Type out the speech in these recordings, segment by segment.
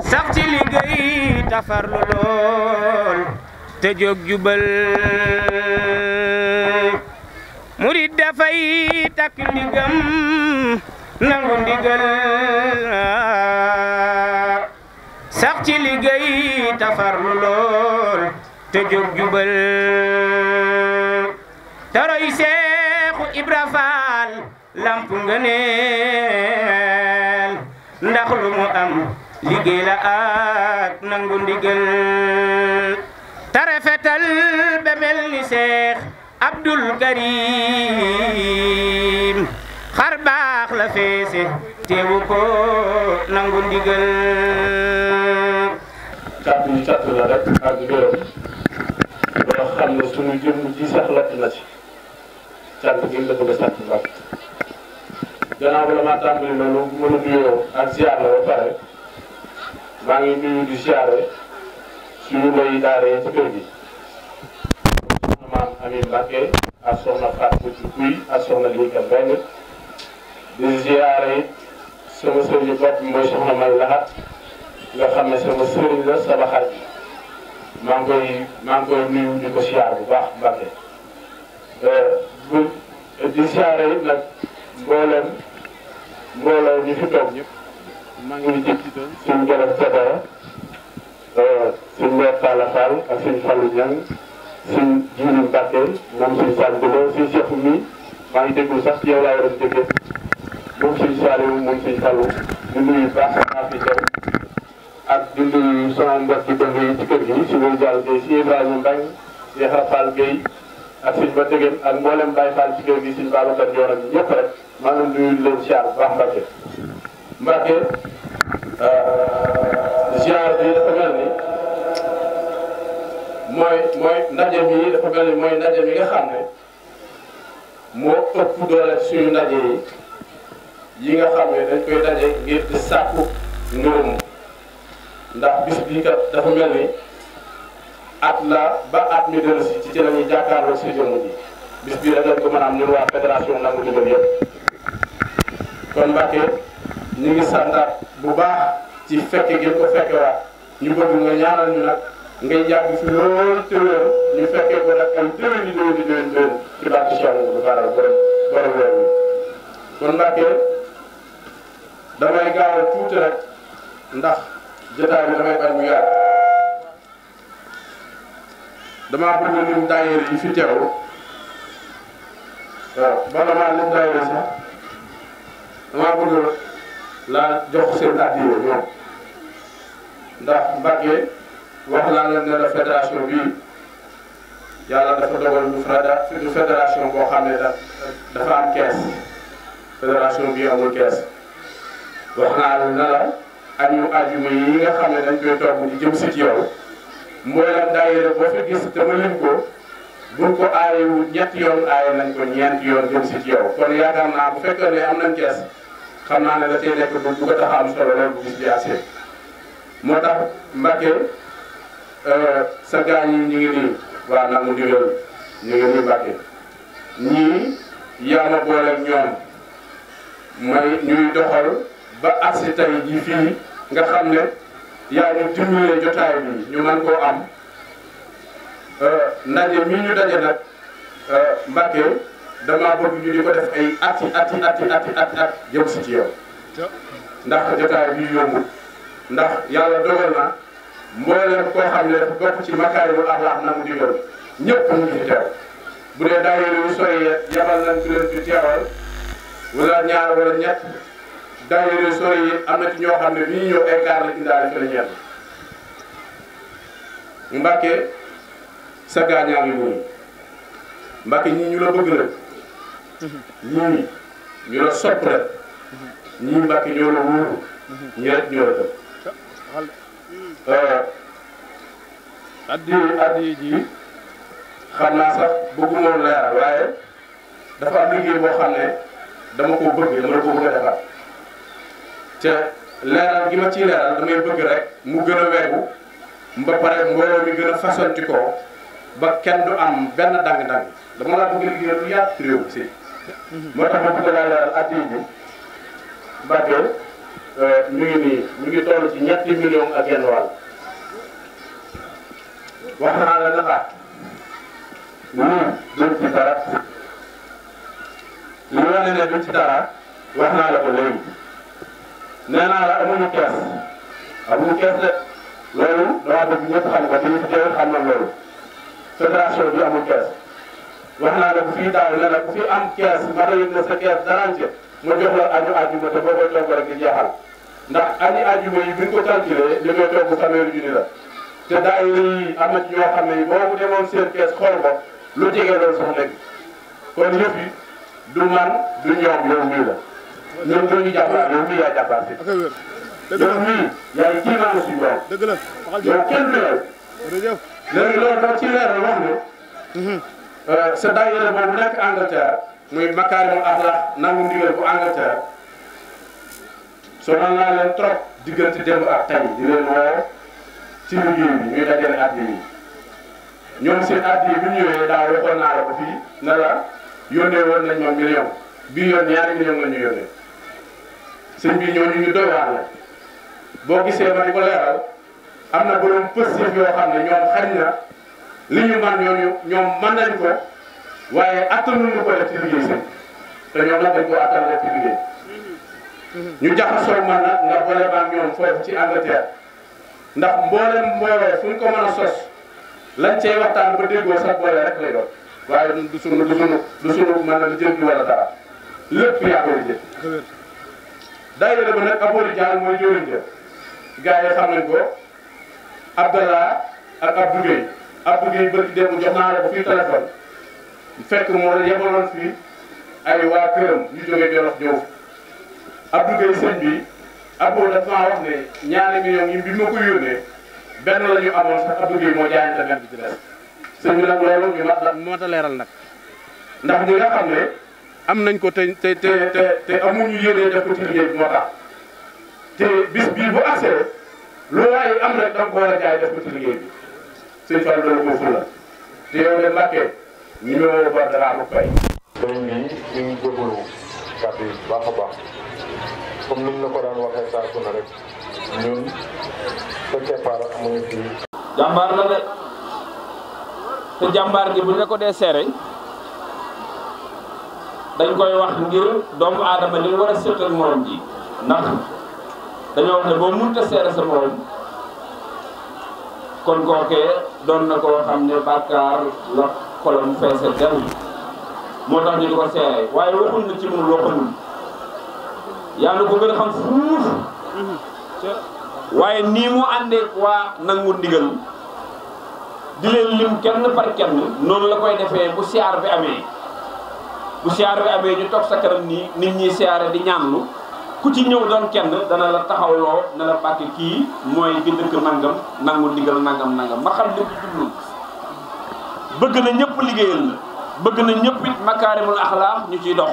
sax ci liggéey tafarlu lool te jóg jubal murid dafay takk ndigam nangu ndigal sax ci liggéey tafarlu lool te jóg jubal taroy seexu Ibra Faal lamp ngëneel ndax lu mu am liggéey la ak nangu ndigal te rafetal ba mel ni Seex Abdul Karim xar baax la feese teewu ko nangu ndigal cat mi la rek ak gërëm loo xam ne sunu jëmm ji sax lakk na ci cat gi nga bëgg a sant Mbàkke gannaaw ba la maa tàmbali noonu mën a nuyoo la ba maa ngi nuyu di siyaare suñu mbéy daara yi ci kër gi. soxna maam Amin Mbacke ak soxna Fatou Kuy ak soxna Linka di siyaare sama sëriñu bopp mooy soxna May Laxat nga xam ne sama sëriñ la sama xarit maa ngi koy maa ngi ko siyaar bu baax Mbacke bu eh, di siyaare it nag mboolem mbooloo ñu fi toog suñ Jalle Jabara suñ Mbaye Talla Fall ak suñ Fallou Niang suñ Djili Mbacke moom suñ Sall bi la suñ Cheikh mi maa ngi déglu sax yow laa war a déggee moom suñ Saliou moom suñ Fallou di nuyu baax naa fi jaww ak di nuyu sama mbokk yi dong yi ci kër gi si wàllu jàll Guèye si Ibrahima Mbaye si Rafal Guèye ak suñ ba dégeen ak mboolem Baye Fall ci kër gi suñ Babacar Dior ak ñëpp rek maa ngi leen di nuyu leen baax Mbacke Mbacke. Euh, ziar bi dafa mel ni mooy mooy ndaje mi dafa mooy ndaje mi nga xam ne moo ëpp doole suñu ndaje yi yi nga xam ne dañ koy daje ngir di sàkku ngërëm ndax bis bii kat dafa mel ni at la ba at mi ci ci la ñuy jàkkaarloo si jëmm ji bis bii da nga ko mën a am ñun waa kon Mbacke ñu ngi santaat bu baax ci fekke ngeen ko fekkewaat ñu bëgg nga ñaanal ñu nag ngay jàpp fi lool te wér ñu fekkee ko nag ay déwén di déwén di déwén déwén ci barke Cheikh Amadou Bara borom borom weer wi kon Mbàkke damay gaaw a tuuti rek ndax jotaay bi damay bañ mu yàgg damaa bëgg lim daayira yi fi teew waaw bala maa lim daayira sax damaa bëgg laa jox seen addiyo ñoom ndax Mbacke wax naa la ne fédération bii yàlla dafa dogal ñu fédération boo xam ne dafa am kees fédération bii amul kees wax naa la ne la añu ajuma yi nga xam ne dañ koy togg di jëm si ci yow mooy la daayira boo gis te ma lim ko buñ ko aayewu ñetti yoon aaye nañ ko ñeenti yoon jëm si ci yow kon yaakaar naa bu fekkee ne am nañ kees xam naa ne la cee nekk du ko tax a am solo loolu bu bis bi moo tax Mbacke euh, sa yi ñu ngi nii waa nangu di ñu ñii yaa ma ñoom may ñuy doxal ba àggsi tey jii fii nga xam ne yaa ñu dimbalee jotaay bi ñu mën koo am euh, ndaje mi ñu daje nag euh, Mbacke. damaa bëgg ñu di ko def ay ati ati ati ati ati at jëm si ci yow ndax jotaay bi yomb ndax yàlla dogal na mbooleem koo xam ne dafa bokk ci makaarimul axlaaq na mu digal ñëpp ñu ngi fi teew bu dee daayira yu sori yabal nañ ci leen fi teewal wala ñaar wala ñett daayira yu sori yi am na ci ñoo xam ne bi ñu ñëw ay gaar la indaale fi la ñeent Mbàkke sa gaañaar yu woon Mbàkke ñii ñu la bëgg la ñooñu ñu la sopp ñii mbàkk ñoo la wóoru ñoo la naa sax bëggu moom leeral waaye dafa am liggéey boo xam ne dama ko bëgg dama la bëgg a defar te leeral gi ma ciy leeral damay bëgg rek mu gën a weegu ba pare mbooloo mi gën a fasanti ko ba kenn du am benn dang-dang dama laa bëgg liggéey lu yàgg réew si moo tax ma bëgg laa leeral at yii bi Mbacke euh, mi ngi nii mi ngi toll ci ñetti million ak genn wàll. wax naa la nafa lii duñ ci dara li wane ne duñ ci dara wax naa la ko léegi nee naa la amuñu kees amuñu kees de loolu dama bëgg ñëpp xam ko te ñu fi xam na loolu fédération bi amul kees. wax naa nag fii daal ne la ku fi am kees nga doyul ne sa kees daraan ca ma jox la añu àjjuma te boo koy togg rek di jeexal ndax añu àjjuma yi buñ ko calculé li koy togg fanweeri junni la te daayira yi am na ci ñoo xam ne seen kees xool ko lu jege loolu sax nekk kon yëpp yi du man du ñoom yow mii la ñun doo ñu jàppale yow mii yaa jàppale yow mii yaay kii naa suñu borom yow du yow léegi loolu dama ci leeral wax ne mhm. Euh, sa daayira boobu nekk Angleterre muy makaarimul axlaax nangu ndigal bu Angleterre sonal naa leen trop diggante démb ak tey di leen woo ci liggéey bi ñuy dajale at yi ñoom seen at yi bu ñëwee daaw waxoon naa la ne la yónnee bii yoon ñaari million la ñu yónnee sëñ bi ñooñu ñu doy waar la boo gisee ma di leeral am na borom positif yoo xam ne ñoom xañ li ñu man ñoom mën nañu ko waaye attanuñu ko def ci liggéey sax te ñoom nag dañ koo attan def ci liggéey ñu jaxasoo man nag nga boole baag ñoom foofu ci Angleterre ndax mboolem mbooloo fu ñu ko mën a sos lañ cey waxtaan ba déggoo sax boole rek lay doon waaye du sunu du sunu du sunu man na lu jëm wala dara lépp yaa koy jël. daayira ba nag Aboori Diagne mooy jëriñ ja gars yi xam nañ ko Abdallah ak Abdou Gueye. Abdou Gueye bëri démb jox naa la ba fii téléphone fekk moo la yebaloon fii ay waa këram ñu jógee yi bi ma ko yónnee benn la amoon sax Abdou moo jaayante benn bi ci sëñ bi nag loolu ñu mat la mat a leeral nag ndax ñi nga ne am nañ ko te te te te amuñu yéene def ko bi moo tax te bis bii bu accès lu waaye am rek da nga def ko bi sëñ Fallou la te yow de ngi jégalu kàddu la ko daan sa keppaar amuñu fii. jàmbaar la de te bu ne ko dee seere dañ koy wax ngir doomu aadama li war a seqal morom ji ndax dañoo wax ne boo mënut a seere sa morom. kon kookee doon na koo xam ne bàkkaar la xolam feese del moo tax ñu di ko seere waaye waxuñ na ci mun waxuñul yaa na ko gën a xam fuuf waaye nii mu àndee waa nangu ndigal di leen lim kenn par kenn noonu la koy defee bu siyaar bi amee bu siyaar bi amee ñu toog sa kanam nii nit ñi siyaare di ñaanlu ku ci ñëw doon kenn dana la taxawloo ne la Mbàkke kii mooy gi dëkk nangam nangu ndigal nangam nangam ma xam li mu jublu bëgg na ñëpp liggéeyal la bëgg na ñëpp it makaarimul axlaax ñu ciy dox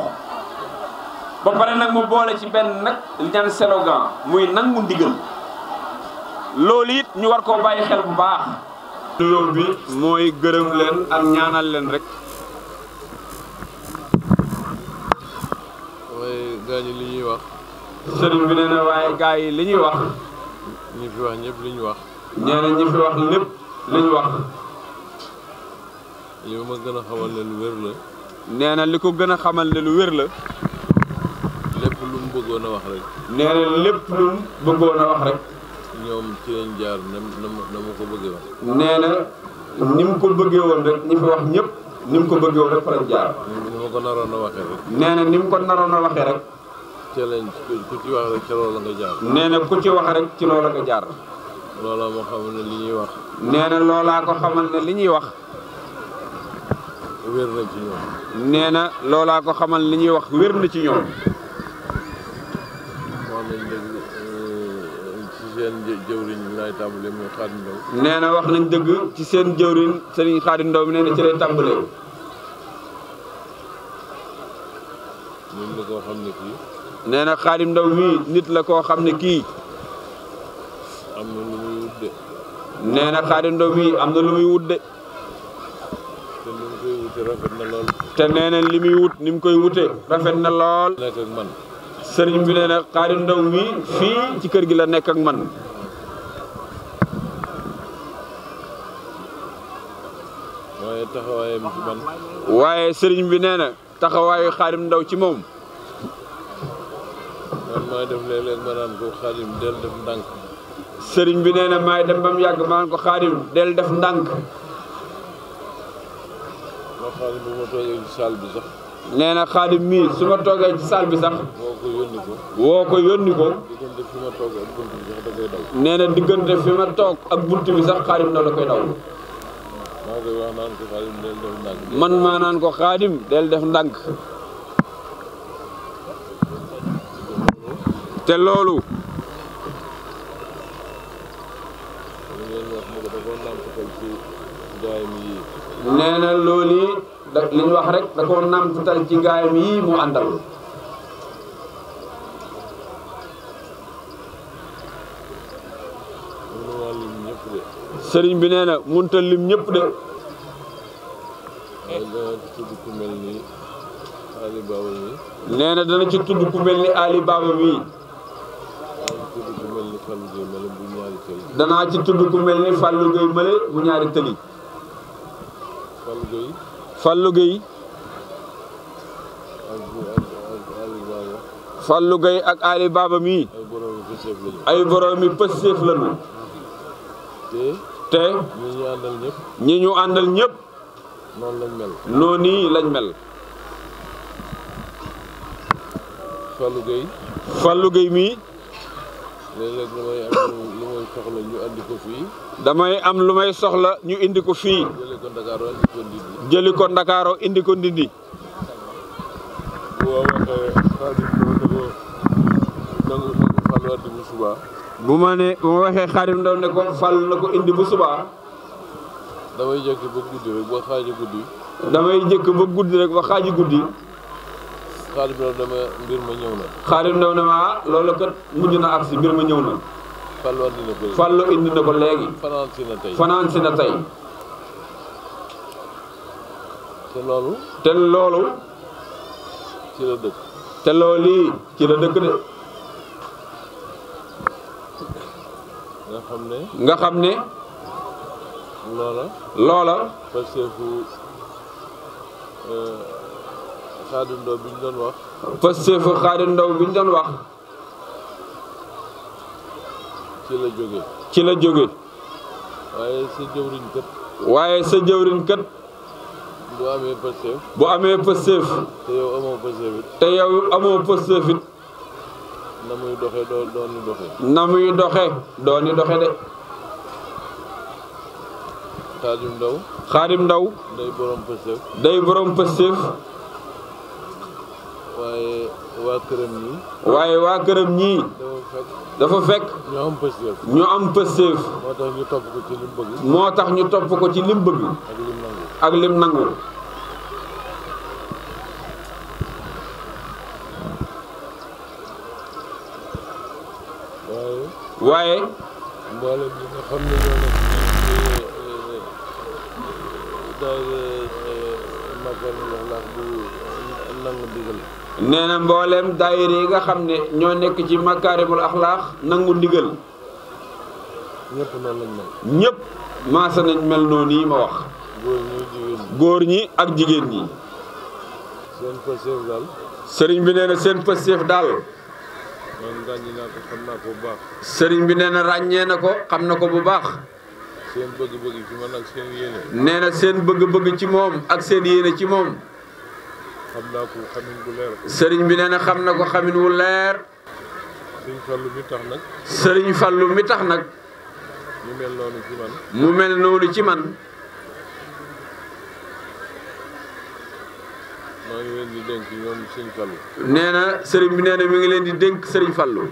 ba pare nag mu boole ci benn nag li ñaan slogan muy nangu ndigal loolu it ñu war koo bàyyi xel bu baax nuyoo bi mooy gërëm leen ak ñaanal leen rek li ñuy sëriñ bi nee na waaye gaa yi li ñuy wax. ñi fi wax ñépp li ñuy wax. nee na ñi fi wax lépp li ñu wax. li ma gën a xamal ne lu wér la. nee na li ko gën a xamal ne lu wér la. lépp lu mu bëggoon a wax rek. nee lépp lu mu bëggoon a wax rek. ñoom ci lañ jaar na na ma ko bëggee woon. nee na ni mu ko bëggee woon rek ñi fi wax ñëpp ni mu ko bëggee woon rek fa lañ jaar. ko naroon a waxee ni mu ko naroon a waxee rek. ca lañ ku nee na ci wax rek ci loola nga jaar. loola xamal ne li ñuy wax. nee na loolaa ko xamal ne li ñuy wax. wér na ci ñoom. nee loolaa ko xamal li ñuy wax wér na ci ñoom. Euh, seen jëwriñ bi nee na wax nañ dëgg ci seen jëwriñ Serigne Xaadim Ndaw mi nee na ci lay tàmbalee. moom la koo xam ne kii. nee na Xaadim Ndaw mii nit la koo xam ne kii. am na lu wut de. nee na Xaadim Ndaw mii am na lu muy wut de. te li mu li muy wut ni koy wute rafet na lool. nekk ak man. sëriñ nee na Ndaw mii fii ci kër gi la nekk ak man. waaye taxawaayam ci man. waaye sëriñ bi nee na taxawaayu Xaadim Ndaw ci moom. man maay def léeg-léeg ma naan ko xaadim del def ndànk. sëriñ bi nee na maay dem ba mu yàgg ma naan ko xaadim del def ndànk. ma xaadim bu ma toogee bi sax. nee na xaadim mii su ma toogee ci bi sax. woo ko yónni ko. woo ko yónni ko. toog ak bunt bi sax da koy da man maa naan ko xaadim del def ndànk. man maa naan ko xaadim del def ndànk. te loolu nee na loolu da li ñu wax rek da koo namtal ci gaayam yii mu àndal sëriñ bi nee na munta lim ñëpp de nee na dana ci tudd ku mel ni Ali Baba mii danaa ci tudd ku mel ni Fallou Gueye mële bu ñaari tëli. Fallou Gueye. Fallou Gueye. ak Ali Baba mii. ay borom pës seef lañu. te. te ñu àndal ñëpp. ñi lañ mel. noonu lañ mel. Fallou Gueye. Fallou Gueye mii. léeg damay am lu may soxla ñu indi ko fii. damay am lu may soxla ñu indi ko fii. jëli ko Ndakaaro indi ko Ndindi. jëli ko bu ma waxee xaadim ndaw ne ko nangu nangu ne ko indi bu suba damay jëkk ba guddi rek ba xaaji guddi. damay jëkk ba guddi rek ba xaaji guddi. xaalis ndaw dama na. xaalis ah, loolu kat mujj na ak si mbir ma ñëw na. Fallo indi na ko léegi fanaan si na tey fanaan si na tey. te loolu. te loolu. ci la dëkk. te loolu ci la dëkk de. nga xam ne. nga loola. loola. Xaadim Ndaw bi ñu doon wax. Pastef Xaadim Ndaw bi ñu doon wax. ci la jóge ci la jóge waaye sa jëwriñ kët. waaye sa jëwriñ kët. bu amee Pastef. bu amee Pastef. te yow amoo Pastef it. te na muy doxee doo dooni doxee. na muy dooni doxee de. Xaadim Ndaw. Xaadim Ndaw. day borom Pastef. day borom Pastef. waaye waa këram ñii. waaye waa këram ñii. dafa fekk. ñu am pësteef. ñoo am moo tax ñu topp ko ci lim bëgg. moo tax ñu topp ko ci lim bëgg. ak lim nangu. waaye. mboolem nee na mboolem daayira yi nga xam ne ñoo nekk ci makaarimul axlaax nangu ndigal. ñëpp noonu lañ mel. ñëpp mel noonu yi ma wax. góor ñi ak jigéen ñi. seen pësteef sëriñ bi nee na seen pësteef daal. man ràññee naa ko xam naa ko bu baax. sëriñ bi nee na ràññee na ko xam na ko bu baax. seen bëgg-bëgg ci man ak seen yéene. nee seen bëgg-bëgg ci moom ak seen yéene ci moom. xam sëriñ bi nee na xam na ko xamin wu leer. sëriñ Fallu mi tax nag. Fallu mi tax nag. mu mel noonu ci man. mu mel noonu ci man. maa ngi leen di dénk sëriñ Fallu. nee na sëriñ bi nee mi ngi leen di dénk sëriñ Fallu.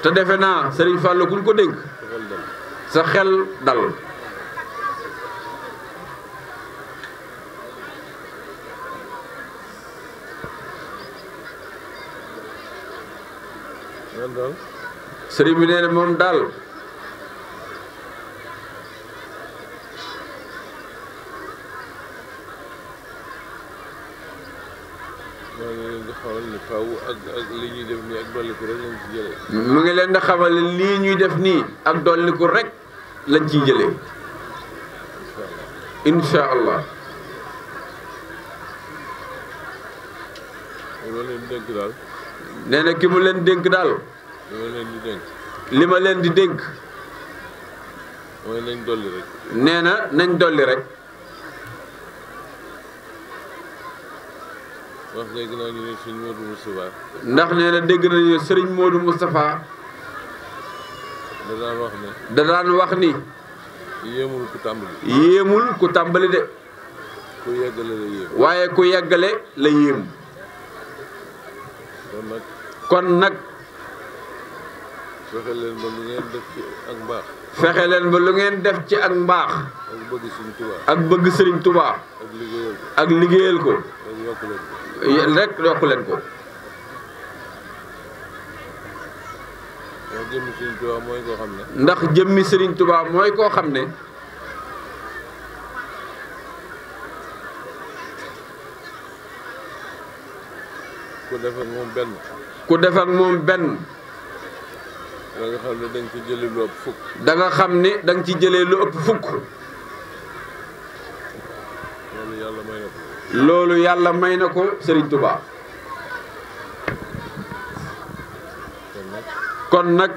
te defe naa sëriñ Fallu ku ñu ko dénk. te defe naa sëriñ Fallu ko dénk. sa xel dal. sëriñ bi nee na moom daal mu ngi leen di xamal ne lii ñuy def nii ak dolliku rek lañ ciy jëlee incha allah nee na ki mu leen dénk daal li ma leen di dénk. li ma leen di dénk. nee na nañ dolli rek. ndax ndax nee na dégg nañu ne sëriñ Modou Moustapha. da daan wax ne. da daan wax ni. yéemul ku tàmbali. yéemul ku tàmbali de. ku yeggale waaye ku yeggale la yéem. kon nag. fexe leen ba lu ngeen def ci ak mbaax. fexe leen ba lu ngeen def ci ak mbaax. ak bëgg Sëriñ Tuubaa. ak bëgg Sëriñ Tuubaa. ak liggéeyal ko. ak liggéeyal ko. rek yokk leen ko. ndax jëmmi Sëriñ Tuubaa mooy koo ne. ndax jëmmi Sëriñ Tuubaa mooy koo xam ne. ku def ak moom benn. ku def ak moom benn. da nga xam ne danga ci jëlee lu ëpp fukk. xam ne da nga jëlee lu ëpp fukk. loolu yàlla may na ko. loolu yàlla kon nag.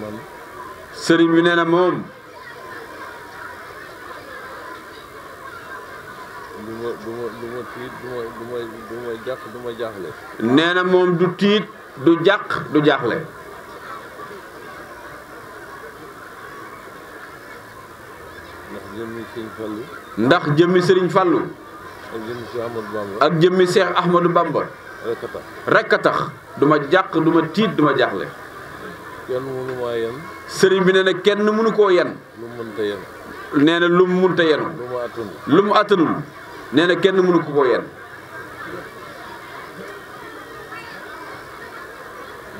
man. Serigne bi nee na moom. du ma du ma du nee na moom du tiit du jàq du jaaxle. ndax jëmmi sëriñ Fallu. ndax jëmmi sëriñ Fallu. ak jëmmi Cheikh Ahmadou Bamba. ak jëmmi Cheikh Ahmadou Bamba. rek a tax rek a tax du jàq du ma tiit duma ma jaaxle. kenn sëriñ bi nee na kenn mënu koo yen. lu nee na lu mu mënta yen. lu mu nee na kenn mënu ko ko yenn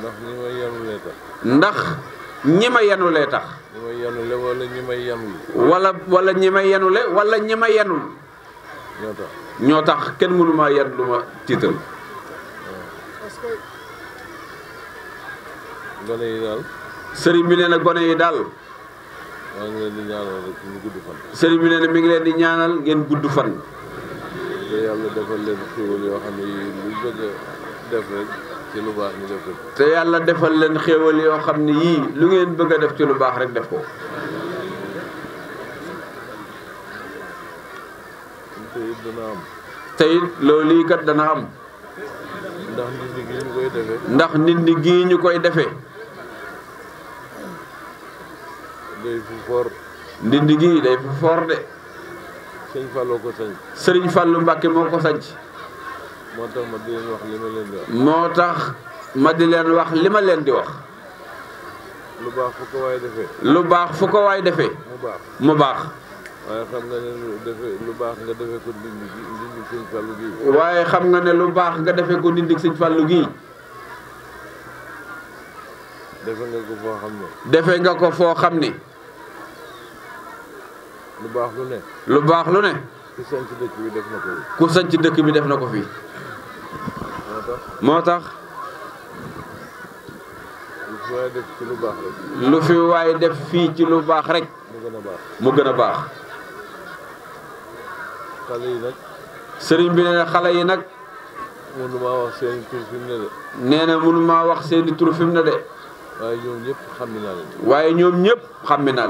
ndax ñi ma yenulee tax ndax ñi ma yenulee tax ñi ma yenule wala ñi ma yenul wala ñi ma yenule wala ñi ma yenul ñoo tax kenn mënuma yen yenn lu ma tiital sëriñ bi nee na gone yi daal maa ngi leen sëriñ bi nee na mi ngi leen di ñaanal ngeen gudd fan ba yàlla defal leen xéewal yoo xam ne yii lu bëgg a def ci lu baax ñu def ko. te yàlla defal leen xéewal yoo xam ne yii lu ngeen bëgg a def ci lu baax rek def ko. te it dana am. te it loolu yi kat dana am. ndax nit ñu koy defee. ndax nit ñu koy defee. day fu for. nit day fu de. sëñ Fallou ko sañ. sëriñ Fallou Mbacke moo ko sañ. moo tax ma di leen wax li ma leen di wax. moo tax ma di leen wax li ma leen di wax. lu baax fu ko waay defee. lu baax fu ko waay defee. mu baax mu baax. waaye xam nga ne lu baax nga defee ko ndindi sëñ Fallou waaye xam nga ne lu baax nga defee ko ndindi sëñ Fallou gii. defe nga ko foo xam ne. defe nga ko foo xam ne. lu baax lu ne. lu baax lu ne. ku sañ ci dëkk bi def na ko fi. sañ ci dëkk bi def na ko fi. moo tax. lu fi waaye def fii ci lu baax rek. mu gën a baax mu gën a baax. xale nag. sëriñ bi nee na xale yi nag. mënu maa wax seeni tur ne de. nee na mënu maa wax seen tur fi mu ne de. waaye ñoom ñëpp xàmmi waaye ñoom ñëpp xàmmi naa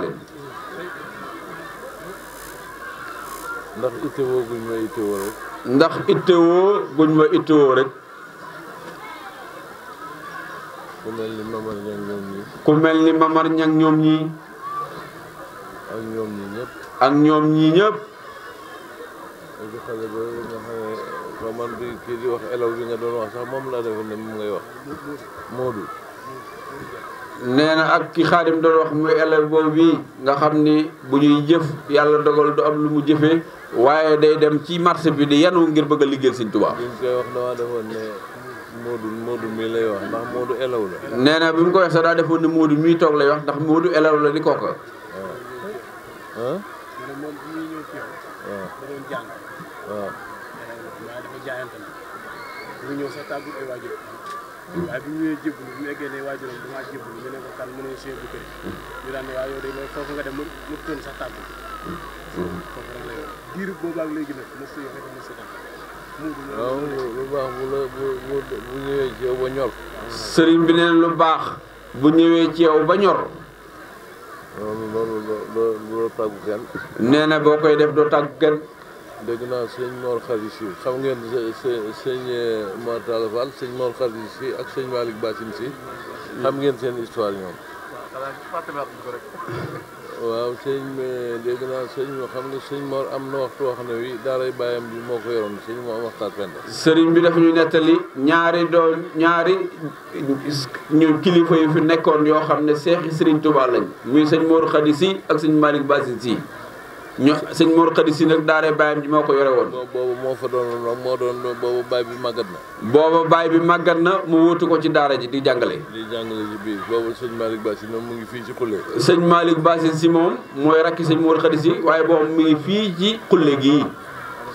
ndax ittewoo guñ ma ittewoo rek. ndax ittewoo guñ ma ittewoo rek. ku mel ni Mamar Ñang ñoom ñii. ku mel ni Mamar Ñang ñoom ñii. ak ñoom ñii ñëpp. ak ñoom ñii ñëpp. ba ba nga man bi kii di wax élaw bi nga doon wax sax moom laa defoon ne moom ngay wax Modou. nee na ak ki xaadim doon wax muy élève boobu bii nga xam ni bu ñuy jëf yàlla dogal du am lu mu jëfee waaye day dem ci marché bi di yanu ngir bëgg a liggéeyal Sëñ Tuubaa. bi mu la. nee na bi mu defoon ne Moodu mii lay wax ndax Moodu élève la di kooka. Ah. Ah. waaye bi ñu ñëwee jébbalu bi mu eggee ne waajuram damaa jébbalu ñu ne ko kan mënoo séer bu kër ñu daan ne waaye yow de loolu foofu nga dem mu mu tën sax tàggu foofu rek la yow diiru boobu ak léegi nag mos yoxe ko mos a waaw lu baax bu la bu bu ñëwee ci yow ba ñor sëriñ bi neen lu baax bu ñëwee ci yow ba ñor loolu loolu doo doo tàggu kenn nee na boo koy def doo tàggu kenn dégg naa sëñ Mor Khary si xam ngeen sëñ eh, Mor Talla Fall sëñ Mor Khary si ak sëñ Malick Bassim si xam ngeen seen histoire ñoom waaw sëñ eh, dégg naa sëñ moo xam ne sëñ Mor am na waxtu wax ne wi daaray bàyyam bi moo ko yoroon sëñ moo am waxtaan fenn sëriñ bi dafa ñu nettali ñaari doon ñaari ñu kilifa yu fi nekkoon yoo xam ne seexi sëriñ Touba lañ muy sëñ Mor Khary si ak sëñ Malick Bassim si ñoo sëñ Mor Khady si nag daaree baayam ji moo ko yore woon. boobu moo fa doon moo doon boobu baay bi màggat na. booba baay bi màggat na mu wóotu ko ci daara ji di jàngale. di jàngale ci biir boobu sëñ Malick Bassi moom mu ngi sëñ Malick Bassi si moom mooy rakki sëñ Mor Khady si waaye boobu mu ngi fii ci xulle gii.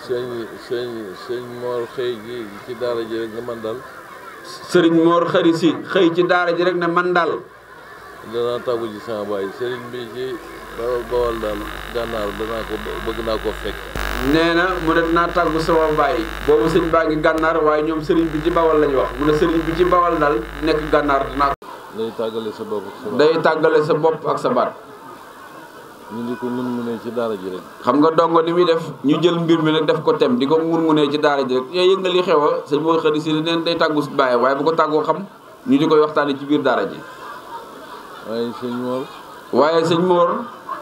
sëñ sëñ sëñ Mor xëy ci daara ji rek ne man daal. sëriñ Mor si xëy ci daara ji rek ne man daal. danaa tàggu ci sama baay bawal bawal daal gànnaar danaa ko bëgg naa koo fekk. nee na mu ne dinaa tàggu sama baay boobu sëñ baa ngi gànnaar waaye ñoom sëriñ bi ci bawal lañu wax mu ne sëriñ bi ci bawal daal nekk gànnaar dinaa ko. day tàggale sa bopp day tàggale sa bopp ak sa baat. ñu di ko mun munee ci daara ji rek. xam nga dongo ni muy def ñu jël mbir mi ne def ko tem di ko mun munee ci daara ji rek yooyu yëngal xew a sëñ mooy xëy si neen day tàggu si bàyyi waaye bu ko tàggoo xam ñu di koy waxtaanee ci biir daara ji. waaye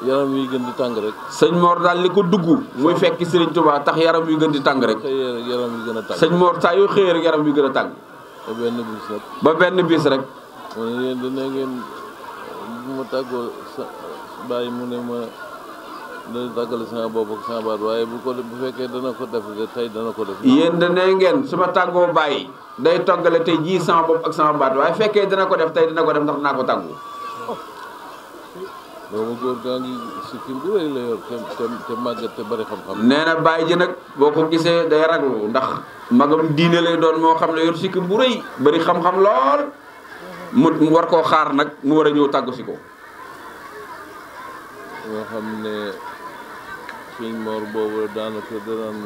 yaram wi gën di tàng rek. sëñ moor daal li ko dugg. muy fekki Sëriñ Tuubaa tax yaram wi gën di tàng rek. yaram a tàng. sëñ Mor saa yu xëyee rek yaram wi gën a tàng. ba benn bis rek. ba benn bis rek. mu ne yéen dina ngeen bu ma tàggoo bàyyi mu ne ma dana tàggale sama bopp ak sama waaye bu ko bu fekkee dana ko def de tey dana ko def. yéen dana ngeen su ma tàggoo day toggale te jii sama bopp ak sama baat waaye fekkee dina ko def tey dina ko def ndax naa ko tàggu. booba góor gaa ngi sikkim bu rëy la yor te te te bari xam-xam. nee na bàyyi ji nag boo ko gisee day raglu ndax magam diine lay doon moo xam ne yor sikkim bu rëy bari xam-xam lool mu war koo xaar nag mu war a ñëw tàggu si ko. nga xam ne suñ moor boobu daanaka danaan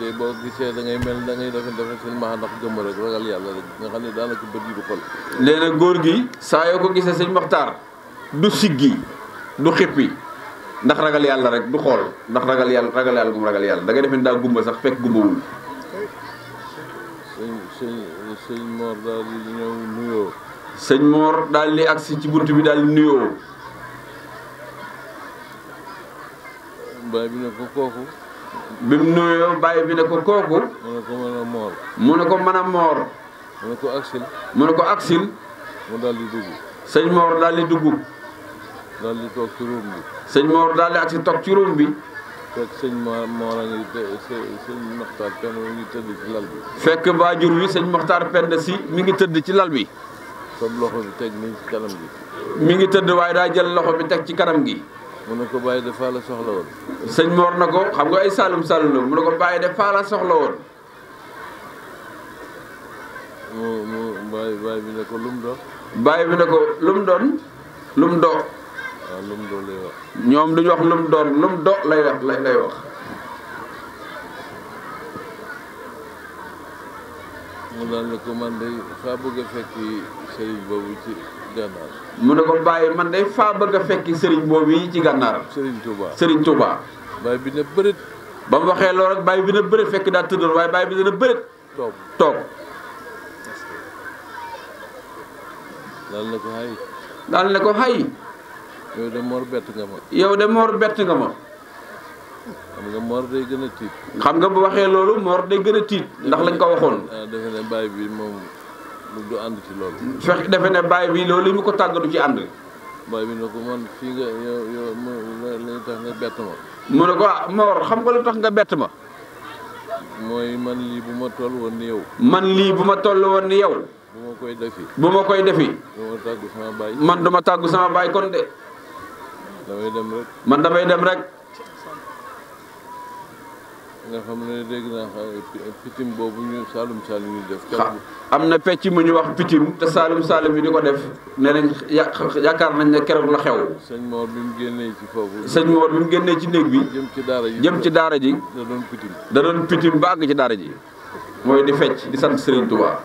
day boo gisee da ngay mel da ngay def def suñ maxa ndax gëmm rek ragal yàlla rek nga xam ne daanaka bët yi du xol. nee góor gi saa yoo ko gisee sëñ Maxtaar. du siggi du xippi ndax ragal yàlla rek du xool ndax ragal yàlla ragal yàlla ragal yàlla da defe ne daa gumba sax fekk gumbawul sëñ sëñ sëñ Mor daal di ñëw nuyoo sëñ Mor daal di agsi ci bunt bi daal di nuyoo baay bi ne ko kooku bi mu ne ko mu ne ko mën a moor mu ne ko agsil mu ne ko agsil mu daal di dugg sëñ Mor daal di dugg daal di toog ci ruum bi. sëñ Mor daal di ak si toog ci ruum bi. fekk sëñ Ma Mor a ngi tëdd ci lal bi. fekk baajur wi sëñ Maxtaar Pend si mi ngi tëdd ci lal bi. fab loxo bi teg nii ci kanam gi. mi ngi tëdd waaye daa jël loxo bi teg ci kanam gi. mu ne ko bàyyi de faa la soxla woon. sëñ Mor na ko xam nga ay Saalum Saalum la mu ne ko bàyyi de faa la soxla woon. mu mu bàyyi bi ne ko lum doon. bàyyi bi ne ko lum doon ñoom duñu wax lum doon lum do lay wax lay lay wax. mu daal ne ko man day faa bëgg a fekki sëriñ boobu ci gànnaar. mu ne ko bàyyi man de faa bëgg a fekki sëriñ boobu yi ci gànnaar. sëriñ Touba sëriñ Touba. bàyyi bi ne bërit. ba mu waxee loolu rek bàyyi bi ne bërit fekk daal tëddal waaye bàyyi bi dina bërit. toog toog. daal ne ko xay. yow de Mor bett nga ma. yow de Mor nga ma. xam nga Mor day gën a tiit. xam nga bu waxee loolu moor day gën a tiit ndax lañ ko waxoon. ah bi moom ci loolu. fex defe baay bi loolu yi mu ko tàgg ci ànd. baay bi ne ko man fii nga yow mu ne ko ah xam nga lu tax nga bett ma. mooy man lii bu ma toll woon ni yow. man lii bu ma toll woon ni yow. bu ma koy defi. bu ma koy defi. du ma tàggu man du ma tàggu sama baay kon de. damay dem rek. man damay dem rek. nga xam ne dégg naa pitim boobu ñu Saalum am na pecc mu ñu wax pitim te Saalum Saalum yi di ko def nee nañ yaakaar nañ ne keroog la xew. sëñ Mor bi génnee ci foofu. sëñ Mor bi mu génnee ci néeg bi. jëm ci daara ji jëm ci daara ji. da doon pitim da ba àgg ci daara ji. mooy di fecc di sant Serigne Touba.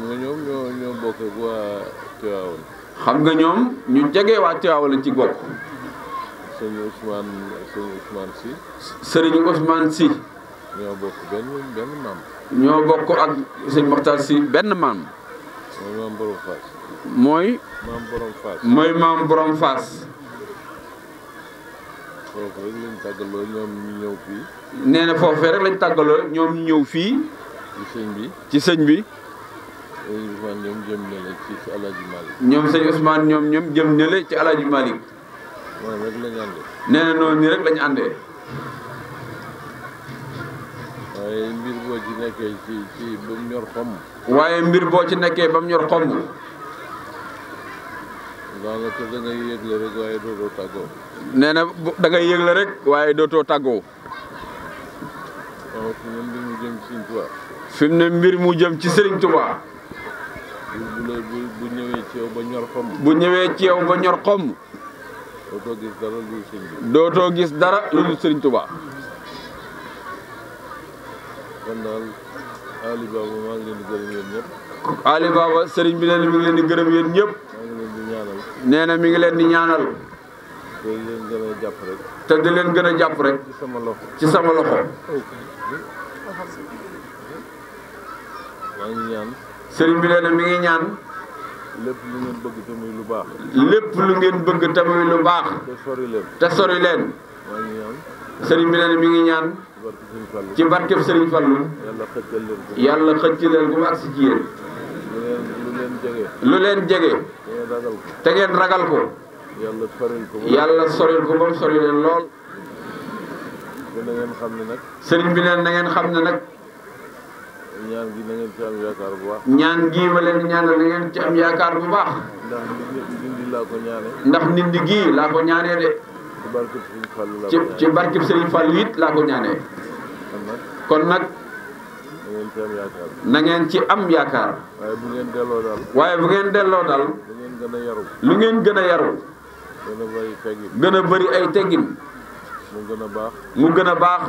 xam nga ñoom ñoo ñoo bokk ak waa Tiwaawan. xam nga ñoom ñu jege waa Tiwaawan lañ ci bokk. sëñ Ousmane sëñ Ousmane si. sëriñ Ousmane si. ñoo bokk benn benn maam. ñoo bokk ak sëñ Moxtar si benn maam. mooy maam borom Faas. mooy. maam borom Faas. mooy maam borom Faas. foofu rek lañ tàggaloo ñoom ñu ñëw fii. nee na foofee rek lañ tàggaloo ñoom ñu ñëw fii. ci sëñ bi ci sëñ bi. ñoom jëm nele ñoom sëñ Ousmane ñoom ñoom jëm nele ci Alaaji Malick. noonu rek lañ àndee. nee noonu rek lañu àndee. waaye mbir boo ci nekkee ba mu ñor xomm. waaye mbir boo ci nekkee ba mu ñor xomm. daanaka da ngay yëgle rek waaye dootoo tàggoo. nee na da ngay yëgle rek waaye dootoo tàggoo. waaw ne mbir mu jëm ci Sëriñ Tuubaa. bu ñëwee ci ba ñor xomm. bu ñëwee ci yow ba ñor xomm. dootoo gis dara lu dul sëriñ Tuubaa. dootoo gis dara lu dul sëriñ Tuubaa. ngi leen di gërëm yéen sëriñ bi nee mi ngi leen di gërëm yéen ñëpp. maa nee na mi ngi leen di ñaanal. te te di gën a jàpp rek. ci sama sëriñ bi nee na mi ngi ñaan. lépp lu ngeen bëgg te lu baax. lépp lu ngeen bëgg te lu baax. te sori leen te sori leen. sëriñ bi nee na mi ngi ñaan. ci barkeb sëriñ Fallu. yàlla xëcc leen bu ma agsi ci yéen. lu leen jege. te ngeen ragal ko. yàlla soril ko yàlla soril ko ba mu sori leen lool. sëriñ bi nee na ngeen xam ne nag. ñaan gi na ma leen ñaanal na ngeen ci am yaakaar bu baax. ndax ndindi laa ko gii laa ko ñaanee de. ci barkeb Serigne Fallou laa ko ñaanee ci laa ko ñaanee. kon nag. na ngeen ci am yaakaar. waaye bu ngeen delloo daal. waaye bu ngeen delloo daal. lu ngeen gën a yaru. lu ngeen gën a yaru. a a bëri ay teggin. mu gën a mu gën a baax.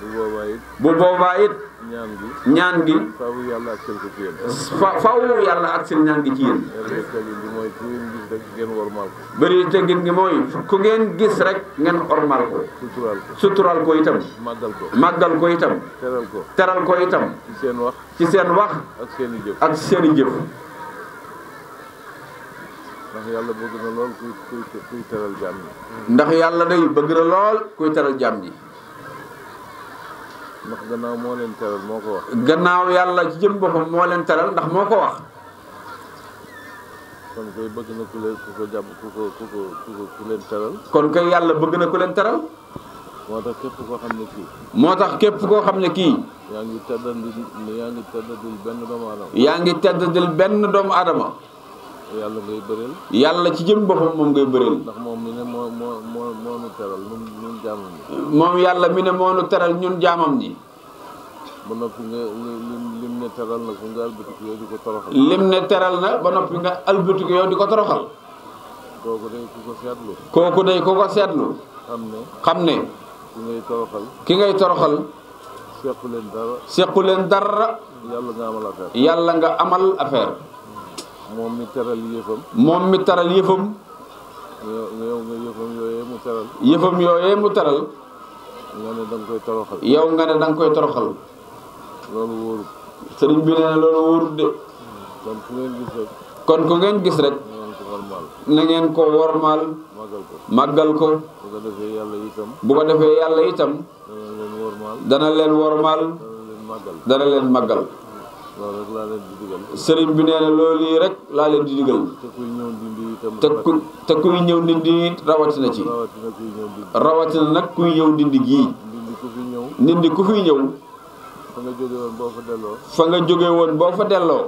bu boobaa ñaan gi ñaan gi. faaw yàlla ak seen ko ci yéen. fa ñaan gi ci yéen. bëri teggin gi mooy ku ngeen gis rek ngeen ormal ko. bëri ko. suturaal itam. màggal ko màggal teral ko teral ci seen wax ci seen wax. ak seen jëf ak seen i ndax yàlla bëgg ndax yàlla day bëgg na lool kuy teral jàmm yi. ndax gannaaw moo leen teral moo ko wax. gannaaw yàlla ci jëm boppam moo leen teral ndax moo ko wax. kon kay bëgg na ku leen teral. kon kay yàlla bëgg na ku leen teral. moo tax képp koo xam ne kii. moo tax képp koo xam ne kii. yaa ngi teddandil yaa ngi teddandil benn doomu aadama. yaa ngi teddandil benn doomu aadama. yàlla ngay bëreel. yàlla ci jëm boppam moom ngay bëreel. ndax moom mi ne moo moo moo moo nu moom yàlla mi ne moo teral ñun jaamam ñi. ba noppi nga lim ne teral na ko nga albatiku yow di ko toroxal. lim ne teral na ba noppi nga albatiku yow di ko toroxal. kooku day ku ko seetlu. xam ne ki ngay toroxal. ki ngay toroxal. sequ leen dara. sequ dara. yàlla nga amal affaire. yàlla nga amal affaire. moom mi teral yëfam. moom mi teral yëfam. yow yooyee mu teral. yëfam yooyee mu teral. nga ne da koy toroxal. yow nga ne da koy toroxal. loolu wóorul. sëriñ loolu wóorul de. kon ku ngeen gis rek. kon na ngeen ko wormaal. màggal ko màggal ko. bu defee yàlla itam. bu ko defee yàlla itam. dana leen wormaal. dana leen wormaal. dana leen màggal. loolu rek laa sëriñ bi nee na loolu yi rek laa leen di digal. te ku te kuy ñëw ndindi rawatina ci. rawatina nag kuy ñëw ndindi gii. ndindi ku fi ñëw. fa nga jóge boo fa delloo. fa nga jóge woon boo fa delloo.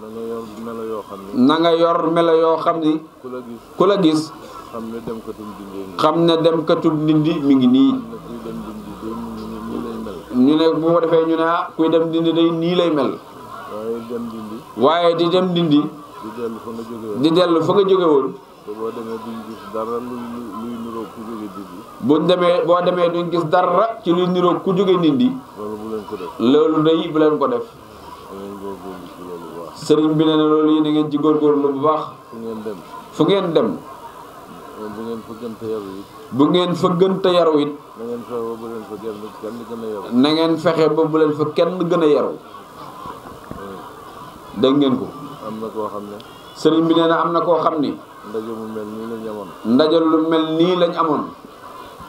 na nga yor melo yoo xam ni. na nga yor melo yoo xam ni. ku la gis ku la gis. xam ne dem katum dindi. xam ne dem katum dindi mi ngi nii. ñu ne bu ko defee ñu ne ah kuy dem dindi nii lay mel. waaye di dem dindi. di dellu fa nga jóge woon. di dellu nga jóge woon. boo demee duñ gis dara luy niroog ku jóge dindi. demee boo demee duñ gis dara ci luy niroog ku jóge dindi. loolu bu loolu day bu leen ko def. sëriñ bi ne na loolu yéen a góor góor góorgóorlu bu baax. fu ngeen dem. fu ngeen dem. bu ngeen fëggante yaru it. bu ngeen fëggante yaru it. na ngeen fexe ba bu leen fa kenn a yaru. na ngeen fexe ba bu leen fa kenn gën a yaru. dégg ngeen ko. am na koo xam ne. sëriñ bi nee na am na koo xam ni. ndaje mu mel nii lañ amoon. ndaje lu mel nii lañ amoon.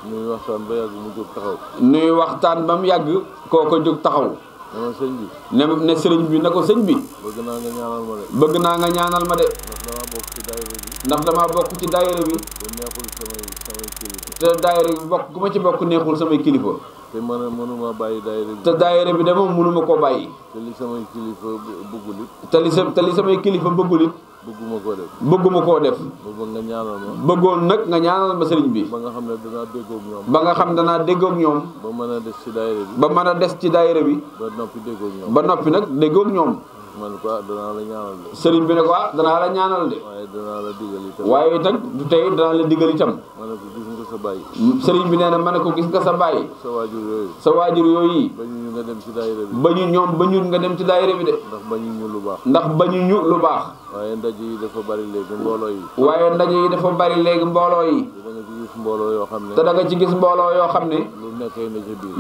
nuy waxtaan ba yàgg mu jóg taxaw. nuy waxtaan ba mu yàgg kooko jóg taxaw. ne sëñ bi. ne ne sëriñ bi ne ko sëñ bi. bëgg naa nga ñaanal ma de. bëgg naa nga ñaanal ma de. ndax damaa bokk ci daayira bi. ndax damaa bokk ci daayira bi. te neexul samay samay kilifa. te bi bokk ku ma ci bokk neexul samay kilifa. te mën a mënuma bàyyi daayira bi. te daayira bi de moom mënuma koo bàyyi. te li samay kilifa bëggul it. te li sa te li samay kilifa bëggul it. bëgguma koo def bëgguma koo def. bëggoon nga ñaanal ma. bëggoon nag nga ñaanal ma sëriñ bi. ba nga xam ne danaa déggoo ak ñoom. ba nga xam danaa déggoo ak ñoom. mën a des ci daayira bi. ba mën a des ci daayira bi. ba noppi déggoo ñoom. ba noppi nag déggoo ak ñoom. man ko ah, danaa la ñaanal de. sëriñ bi ne ko ah danaa la ñaanal de. waaye danaa la digal itam. waaye itam du tey danaa la digal sa baay. sëriñ bi nee na ma ne ko gis nga sa baay. sa waajur yooyu. sa waajur yooyu. bañuñu nga dem ci daayira bi. bañu ñoom bañu nga dem ci daayira bi de. ndax ñu lu baax. ndax ba ñu ñu lu baax. waaye ndaje yi dafa bari léegi mbooloo yi. waaye ndaje yi dafa bari léegi mbooloo yi. te da ci gis mbooloo yoo xam ne. te da nga ci gis mbooloo yoo xam ne.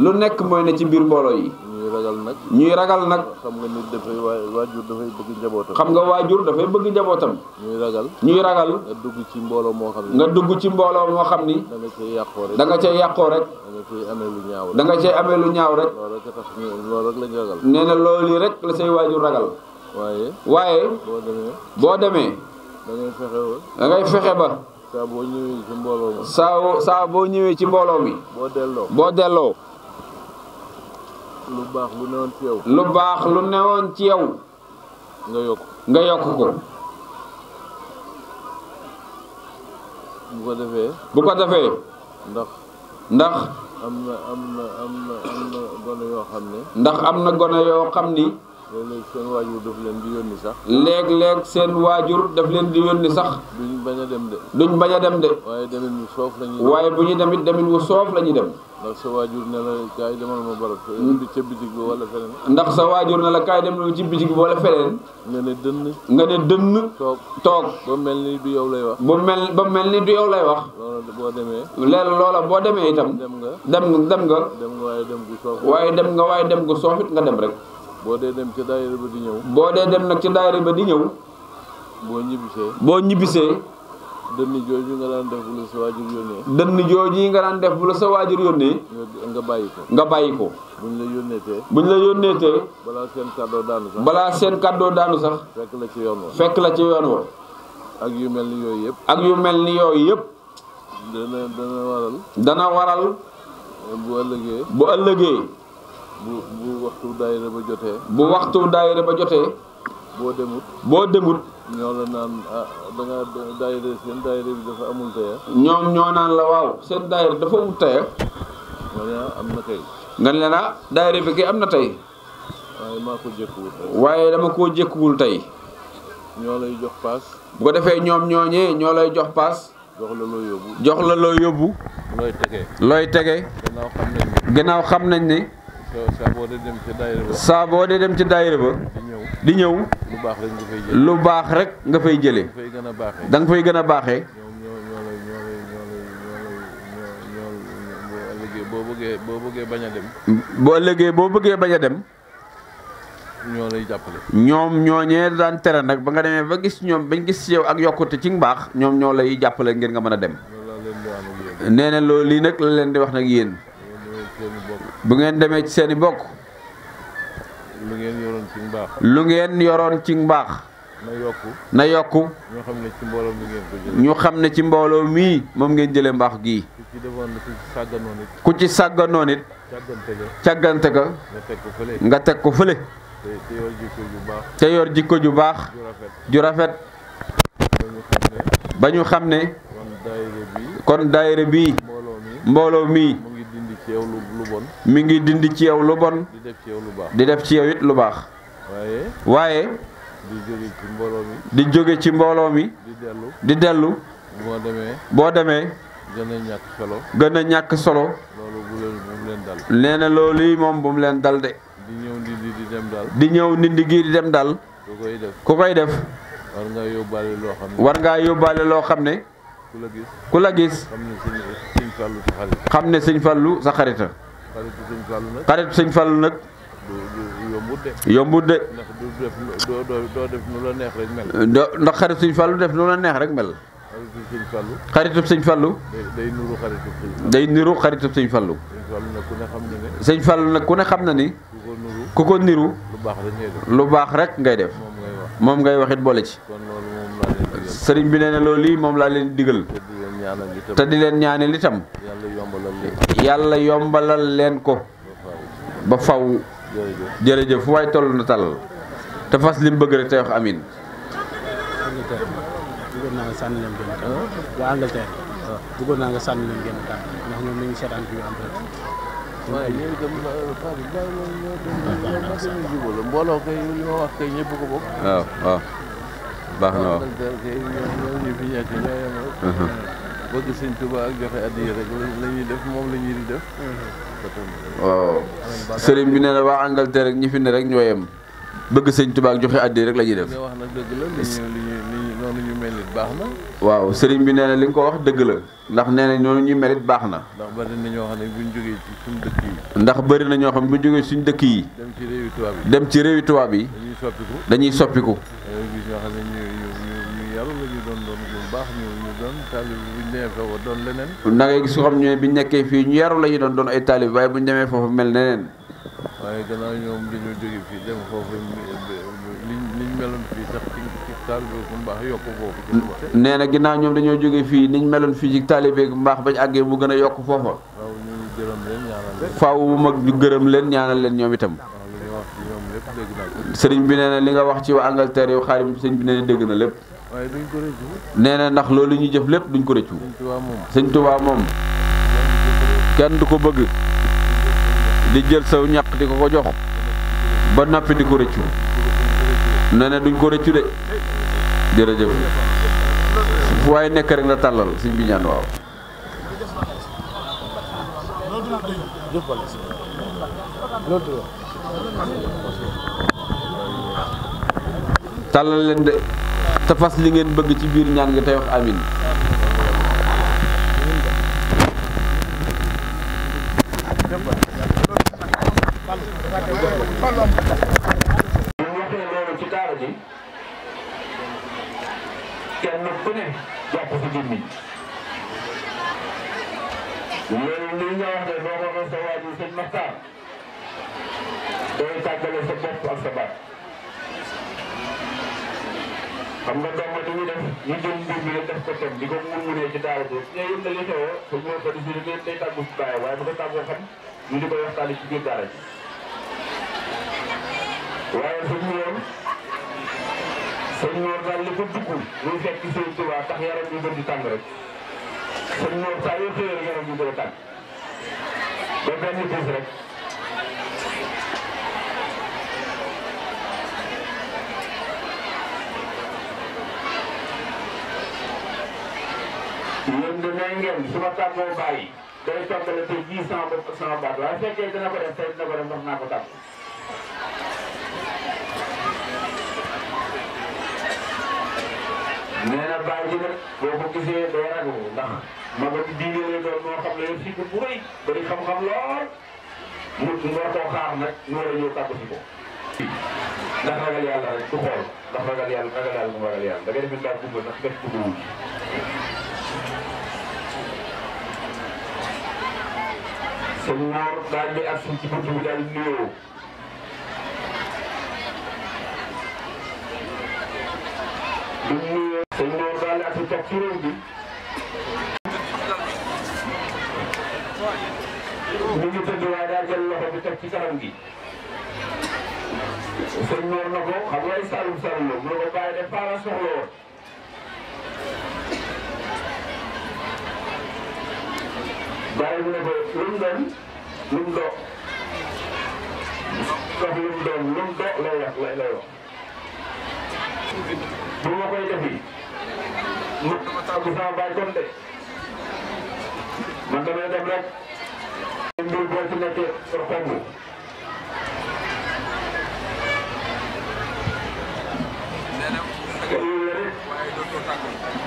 lu nekk mooy na ci biir mbooloo yi ñuy ragal nag. ñuy ragal nag. xam nga nit dafay waajur dafay bëgg njabootam. xam nga waajur dafay bëgg njabootam. ñuy ragal. ñuy ragal. dugg ci mbooloo moo xam ni. nga dugg ci mbooloo moo xam ni. da nga yàqoo rek da nga cay yàqoo rek. da nga amee lu ñaaw rek. da nga cay amee lu ñaaw rek. loolu rek tax loolu rek nee na loolu rek la say waajur ragal. waaye. waaye. boo demee. boo demee. da ngay fexe ba. da boo ñëwee ci mbooloo mi. saa saa boo ñëwee ci mbooloo mi. boo delloo boo delloo. lu baax lu newoon ci yow. lu baax lu newoon ci yow. nga yokk nga yokk ko. bu ko defee. bu ko defee. ndax. ndax. am na am na am na am na gone yoo xam ne. ndax am na gone yoo xam ni. léeg-léeg seen waajur daf leen di yónni sax. léeg-léeg seen waajur daf leen di yónni sax. duñ bañ a dem de. duñ bañ a dem de. waaye demin wu soof la ñuy dem waaye bu ñuy demit la ñuy dem. ndax sa waajur ne la kaay demal ma barab. ca bitig bi wala feneen. ndax sa waajur ne la kaay demal ma ci bitig bi wala feneen. nga ne dënn. nga ne dënn. toog toog. ba mel ni du yow lay wax. ba mel ba mel ni du yow lay wax. loola boo demee. léegi loola boo demee itam. dem nga dem nga. dem nga waaye dem gu soof. waaye dem nga waaye dem gu soofit nga dem rek. boo dee dem ca daayira ba di ñëw. boo dee dem nag ca daayira ba di ñëw. boo ñibbisee. boo ñibbisee. dënn jooju nga daan def bu nga daan def bu la sa waajur yónnee. nga bàyyi ko nga bàyyi ko. buñ la yónnee buñ la yónneetee. balaa seen kàddoo daanu sax. balaa seen kàddoo daanu sax. fekk la ci yoon wa. fekk la ci yoon wa. ak yu mel ni yooyu yëpp. ak yu mel ni yooyu yëpp. dana dana waral. dana waral. bu ëllëgee. bu ëllëgee. bu bu waxtu daayira ba jotee. bu waxtu daayira ba jotee. boo demut. boo demut. ñoo la naan ah, da amul taya. ñoom ñoo naan la waaw seen daayira dafa amul taya. nga ne ah, am na bi kay am na tey. waaye maa ko jékkuwul tey. waaye dama koo jékkuwul tey. ñoo lay jox paas. bu ko defee ñoom ñooñee ñoo lay jox paas. jox la loo yóbbu. jox la looy tege. gannaaw xam nañ ne. saa boo dee dem ci daayira ba di ñëw lu baax rek nga fay jële da nga fay gën a baaxee boo bëggee bañ a dem boo ëllëgee boo bëggee bañ a dem ñoo lay jàppale ñoom ñooñee daan tere nag ba nga demee ba gis ñoom bañ gis yow ak yokkute ci baax ñoom ñoo lay jàppale ngir nga mën a dem nee na loolu lii nag la leen di wax nag yéen bu ngeen demee ci seeni mbokk. lu ngeen yoroon ci mbaax. lu ngeen yoroon ci mbaax. na yokk na yokku. ñu xam ne ci mbooloo mi ngeen ko xam ne ci mbooloo mii moom ngeen jëlee mbaax gii. ku ci defoon ku ci sàgganoon it. ku ci sàgganoon it. càggante ka nga teg ko fële. te yor jikko ju baax. te ju rafet. ba ñu xam ne. kon daayira bii. mbooloo mii. ci yow lu bon. mi ngi dind ci yow lu bon. di def ci yow lu baax di def ci yow it lu baax. waaye. waaye. di jóge ci mbooloo mi. di jóge ci mbooloo mi. di dellu di dellu. boo demee. boo demee. gën a ñàkk solo. gën ñàkk solo. loolu bu leen na loolu yi moom bu mu leen dal de. di ñëw ndindi di dem daal. di ñëw ndindi gii di dem daal. ku koy def ku koy def. war ngaa yóbbaale loo xam ne. ngaa yóbbaale loo xam ne. la ku la gis. Fallou sa xam ne sëñ fallu sa xarita xaritu sëñ Fallou nag. xaritu sëñ Fallou nag. yombut de. yombut def doo def nu la neex rek mel. doo ndax xaritu day niru xaritu sëñ Fallou. day niru xaritu sëñ Fallou. sëñ Fallou nag ku ne xam na ni. ku ko niru. lu baax rek ngay def. lu baax rek ngay def. moom ngay wax it boole ci. sëriñ bi ne na loolu lii moom laa leen digal. te di leen ñaanal itam yàlla yombalal leen ko ba faw jërëjëf fu waay na tal te fas lim bëgg rek te wax amin leen benn kàddu waa Angleterre ah. bëggoon naa leen benn kàddu ndax ñoom ñu mbooloo kay li ma wax kay ñëpp ko bokk waaw waaw bëgg sëñ Tuba ak joxe addiya rek la ñuy def moom la ñuy def. waaw sëriñ bi nee na waa Angleterre rek ñi fi rek ñoo yem bëgg sëñ Tuba ak joxe addiya rek la ñuy def. li nga wax nag dëgg la li ñu li ñu ñu mel it baax na. waaw sëriñ bi nee na li nga ko wax dëgg la ndax nee na ñuy ñu mel baax na. ndax bëri na ñoo xam ne bu ñu jógee ci suñu dëkk yi. ndax bëri na ñoo xam ne jógee suñu dëkk yi. dem ci réewi tubaab yi dem ci réewi tubaab yi. dañuy soppiku dañuy soppiku. dara la ñu doon doon bu baax na ngay gis nga bi ñu fii ñu yaru la ñu doon doon ay taalib waaye bu ñu demee mel neneen. waaye gannaaw ñoom dañoo jóge fii dem foofu liñ liñ meloon fii sax ci ci taalibe bu mbaax yokk foofu. ñoom dañoo jóge fii niñ meloon fii ci taalibe bu mbaax bañ àggee mu gën a yokk foofa. faaw ñu gërëm leen ñaanal leen. gërëm leen ñaanal leen ñoom itam. sëriñ bi nee li nga wax ci waa Angleterre yow sëriñ bi nee na dégg na lépp. waaye duñ ko rëccu. nee na ndax loolu ñu jëf lépp duñ ko rëccu. sëñ Tuubaa moom. kenn du ko bëgg. di jël saw ñaq di ko ko jox. ba noppi di ko rëccu. nee duñ ko rëccu de. jërëjëf. fu waaye nekk rek la tàllal sëñ bi ñaan waaw. tàllal leen de. te fas li ngeen bëgg ci biir ñaan gi tey wax amin kenn ku ne jàpp sa gémmiñ loolu li nga boo ko sa waa ji sëñ Maxtaar day tàggale sa bopp ak sa baat xam nga gàmm du ñu def ñu jël mbir mi def ko tem di ko murmuree ci daara bi ñee yëpp na li xew dañ moo ko disi leen day tàggu ci bàyyi waaye bu ko tàggoo xam ñu di koy waxtaane ci biir daara ji waaye sëñ ñoom sëñ ñoom daal li ko dugg muy fekk sëñ yaram bi gën di tàng rek sëñ ñoom saa yoo xëyee yaram bi gën a tàng ba benn rek yéen de nee ngeen su ma tàggoo bàyyi day tombale te ji sama bopp sama baat waaye fekkee dina ko def tey dina ko def ndax naa ko tàmm. nee na bàyyi ji nag boo ko gisee day ragal ndax magam diine lay doon moo xam ne fii bu rëy bari xam-xam lool mu ngor koo xaar nag ñu war a ñëw tàggu si ko. ndax ragal yàlla rek du xool ndax ragal yàlla ragal yàlla moom ragal yàlla da ngay def ndax dugg ndax fekk dugg sëñ Mor daal di ak suñ ci buntu bi daal di nuyoo di nuyoo sëñ Mor daal di ak suñ ci réew bi ñu ngi tëdd waaye daal jël loxo bi teg ci na ko xam nga ay saalum saalum bàyyi na ko lu mu doon lu mu dox wax lu mu doon lu mu dox lay wax lay lay wax bu ma koy defi mu tàggu sama baay kon de man damay dem rek mbir boo ci nekkee sa xomb te loolu la rek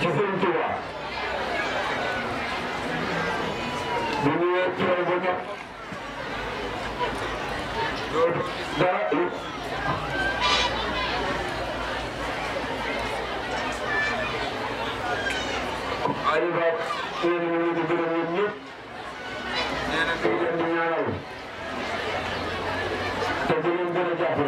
ci Sëriñ Tuuba bu ñëwee teew ba ñëpp dara lu ay baat yéen a ngi gërëm yéen ñëpp di leen di ñaanal te di leen gën a jàpp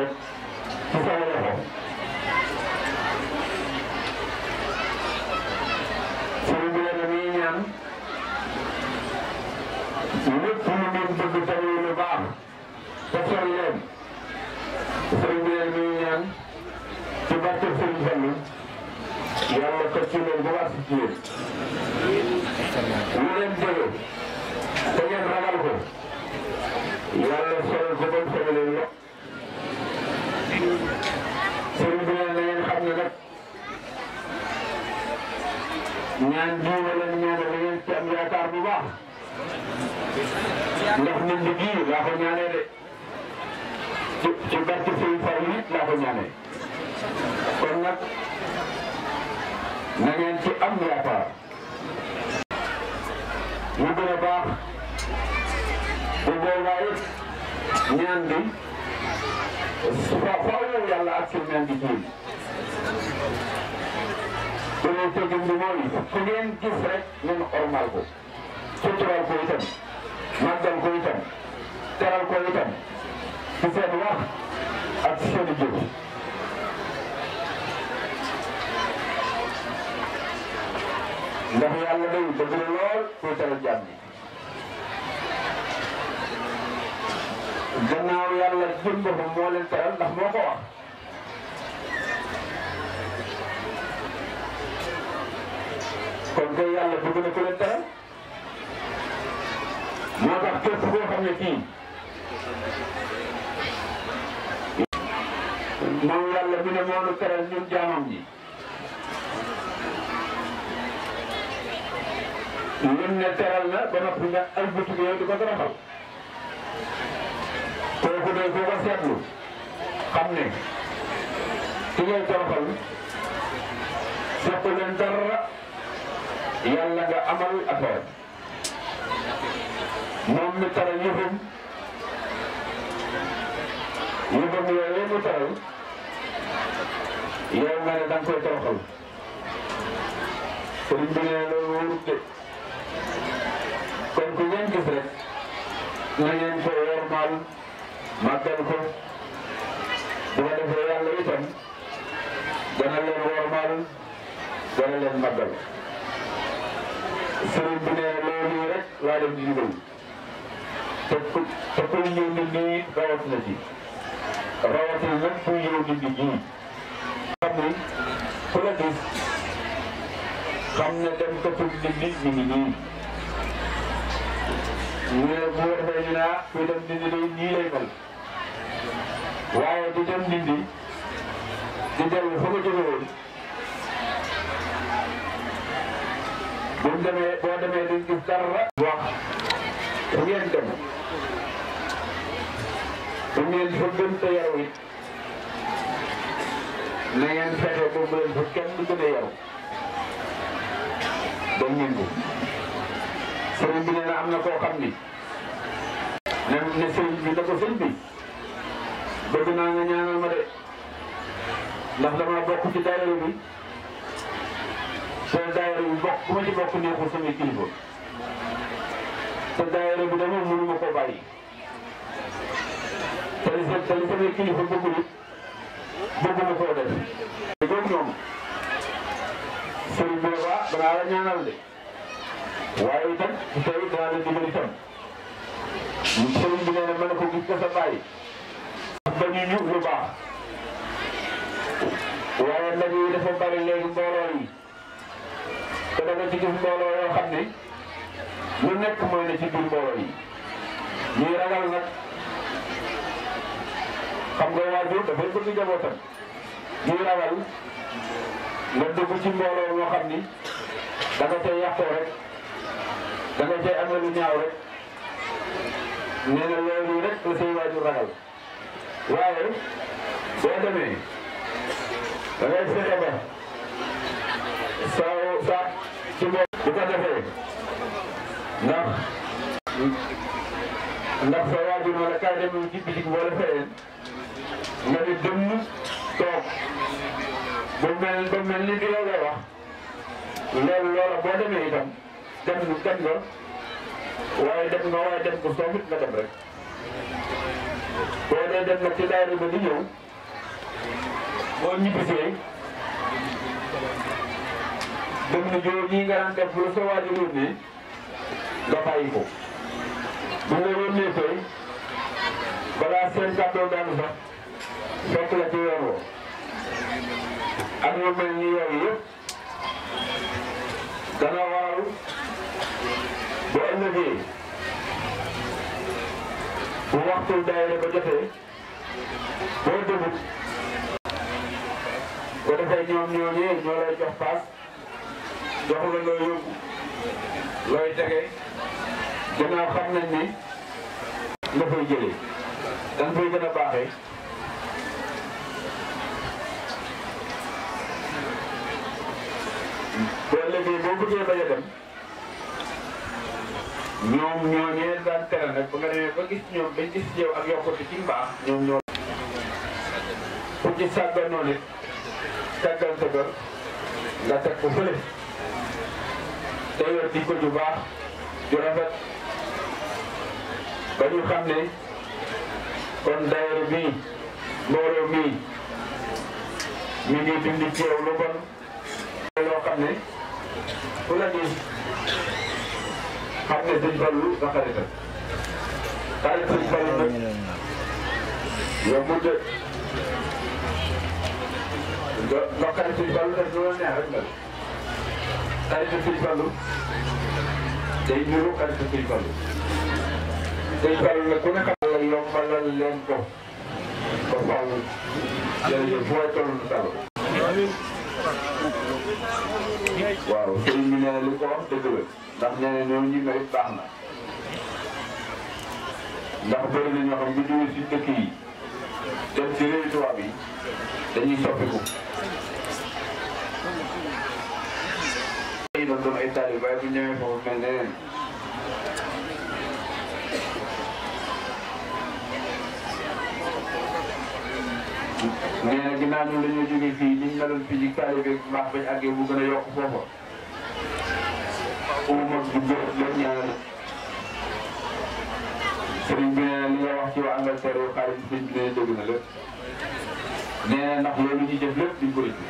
jëlu lu ngeen jëlu te ngeen ragal ko yàlla solal ko bañ sori leen lo sëriñ bi leen na ngeen xam ne nag ñaan bii wala ñaan da ngeen ci am yaakaar bu baax ndax nit ñi gii laa ko ñaanee de ci ci barke Sëriñ Fallu it laa ko ñaanee kon nag na ngeen am na yaakaar mu gën a baax bu boobaa it ñaan bi faaw yàlla ak seen ñaan bi jiw dañoo tëgg bi mooy ku ngeen gis rek ngeen ormal ko sutural ko itam màggal ko itam teral ko itam ci seen wax ak seen jëf ndax yàlla day bëgg la lool kuy teral jàmm gannaaw yàlla jëm boppam moo leen teral ndax moo ko wax kon kay yàlla bëgg na ku leen teral moo tax képp koo xam ne kii moom yàlla bi ne moo nu teral ñun jaamam ñi lim ne teral na ba noppi nga ay bëtug yow di ko toroxal kooku de koo xam ne ki ngay toroxal seq leen dara yàlla amal affaire moom mi taral yëfam yëfam yooyu mu taral yow nga ne da nga koy toroxal sëriñ bi kon ku ngeen gis rek na ngeen ko wormaal màggal ko bu ko defee yàlla itam leen wormaal dana leen màggal sëriñ bi ne loolu rek laa te ku te ku ñëw nit ñi rawat na ci rawatina nag ku ñëw nit ku la gis xam ne dem ko tudd nit ñi ñu ne bu ko defee ñu naa kuy dem di dem dindi bu mu demee boo demee di gis dara wax da ngeen dem da ngeen fa gën a yaru it na ngeen fexe ba mu leen fa so bi nee na am na koo xam ni ne ne sëriñ bi ne ko sëriñ bi bëgg naa nga ñaanal ma de ndax dama bokk ci daayira bi te daayira bi bokk ku ma ci bokk neexul sama kilifa te daayira bi dama mënuma koo bàyyi te li sa te li sama kilifa bëggul it bëgguma koo def. te ñoom sëriñ bi ne ko ah danaa la ñaanal de. waaye itam tey dinaa leen digal itam sëriñ bi nee na mën na ko gis nga sa bàyyi ba ñu ñu lu baax waaye nag yi dafa bari léegi mbooloo yi te da nga ci gis mbooloo yoo xam ne lu nekk mooy ne ci biir mbooloo yi nag xam nga waajur dafay bëgg njabootam ñuy ragal nga dugg ci mbooloo yoo xam ni da nga cay amee lu ñaaw rek na loolu rek la say waajur ragal waaye boo demee da ngay fexe sa ci bopp bu ko defee ndax ndax sa waajur wala kaay demee ci bitig wala nga di dëmm toog ba mel ba mel ni la wax loolu loola boo demee itam dem nga dem nga waaye dem nga waaye dem nga soof it nga dem rek boo dee dem nga ci daara ba dem na juróom yi nga daan def nga bàyyi ko bu nga yónnee tey balaa seen kàddoo daanu sax fekk la ci yoon woo ak lu mel ni yooyu yëpp dana bu ëllëgee bu waxtu daayira ba jotee boo dëbut ko defee ñoom ñooñee ñoo lay jox paas jox la looy tege gannaaw xam nañ ni nga fay jëlee danga fay gën a baaxee bu ëllëgee boo bëggee bañ ñoom ñoo ñëwee daan teral ba nga demee ba gis ñoom bañ gis yow ak yokkute ci mbaax ñoom ñoo. ku ci sàgganoo nit sàggal sëgal nga teg ko fële te yor di ko ju baax ju ba ñu xam ne kon daayira bii mi ngi dindi ci yow lu bon loo xam ne ku la di. xam ne sëñ Fallou sa xaritam xarit sëñ Fallou nag yombul de nga nga xarit sëñ Fallou def lu la neex rek nga xarit sëñ Fallou day niru xarit sëñ Fallou sëñ Fallou nag ku ne xamal yombalal leen ko ba Fallou jërëjëf foo toll waaw sëriñ bi nee na ko wax dëgg la ndax nee na ñoo ñi may na ndax bëri na ñoo xam bu jógee si dëkk yi si réew tubaab yi dañuy soppiku doon doon ay taalibe waaye bu ñëwee ne ginnaaw ñun dañoo jógee fii niñ meloon fii ci taalibe bu baax bañ àggee bu gën foofa bu mag du gë leen ñaanal sëriñ bi nee li nga wax ci waa Angleterre yu xaalis sëriñ bi nee na dégg na lépp nee na ndax loolu ñu jëf lépp diñ ko rëcc